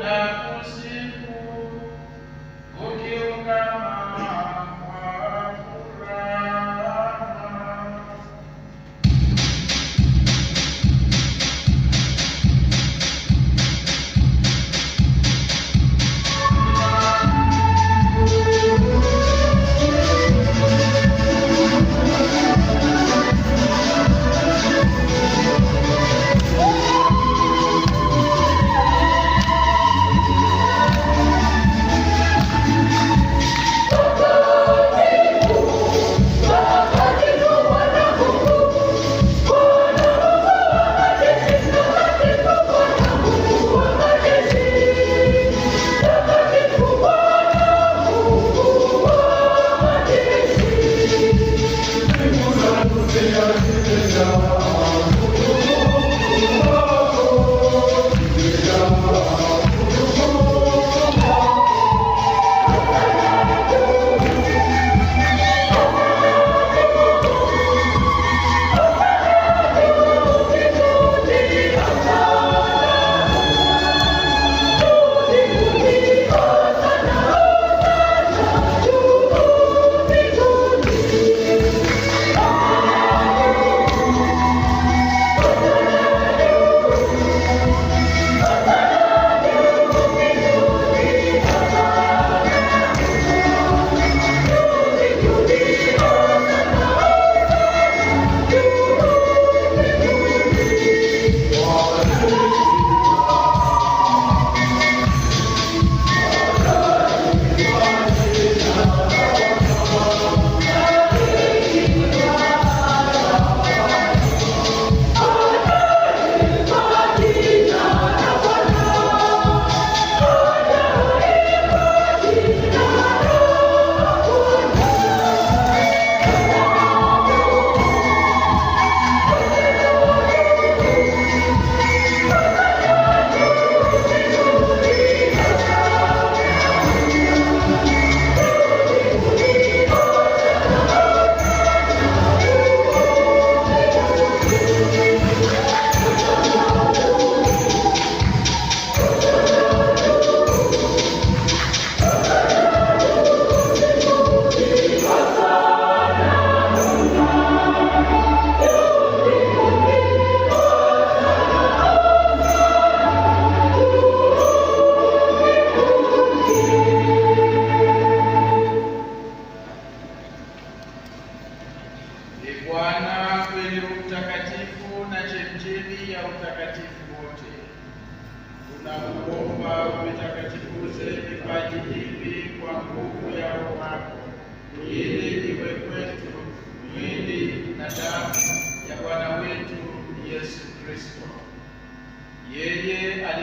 da cozinha.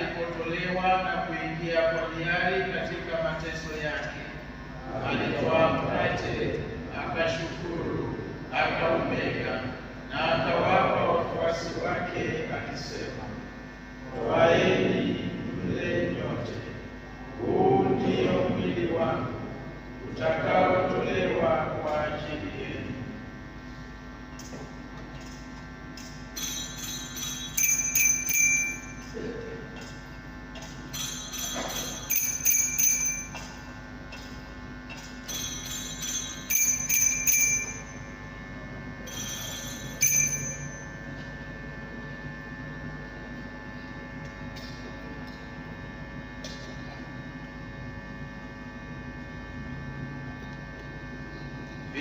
alipotolewa na kuingia kwa hiari katika mateso yake, alitoa mkate, akashukuru, akaumega na akawapa wafuasi wake akisema, twaeni mle nyote, huu ndio mwili wangu utakaotolewa kwa ajili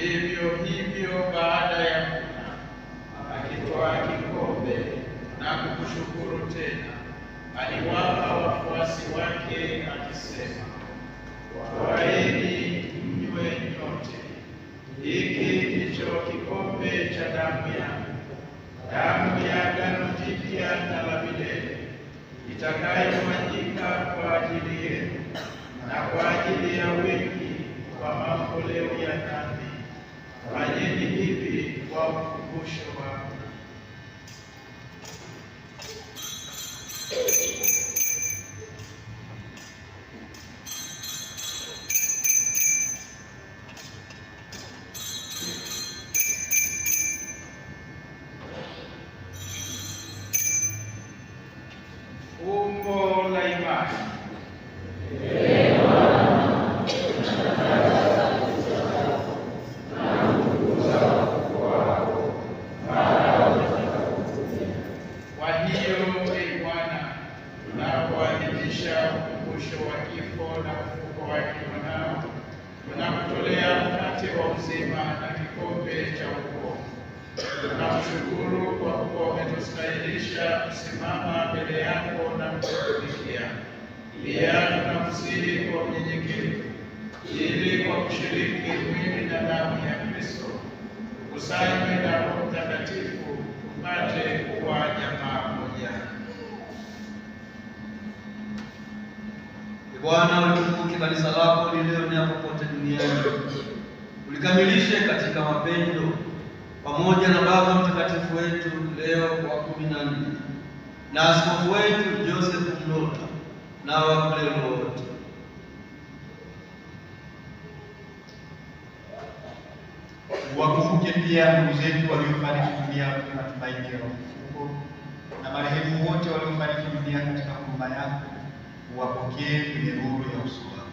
Vivyo hivyo baada ya kula akitwaa kikombe na kukushukuru tena, aliwapa wafuasi wake akisema, twaeni mnywe nyote, hiki ndicho kikombe cha damu yangu, damu ya agano jipya na la milele, itakayomwagika kwa ajili yenu na kwa ajili ya wingi kwa mamboleo ya dhambi fanyeni hivi kwa ukumbusho wa uzima na kikombe cha wokovu. Tunashukuru kwa kuwa umetustahilisha kusimama mbele yako na kukutumikia. Pia tunakusihi kwa unyenyekevu, ili kwa kushiriki mwili na damu ya Kristo kusanywe na Roho Mtakatifu upate kuwa jamaa moja. Bwana, utukuke kanisa lako lilionea popote duniani Nikamilishe katika mapendo pamoja na Baba Mtakatifu wetu Leo wa kumi na nne na askofu wetu Joseph Mlota na wakulelo wote. Wakumbuke pia ndugu zetu waliofariki dunia tumaini ya ufufuko na marehemu wote waliofariki dunia katika huruma yako, uwapokee kwenye nuru ya uso wako.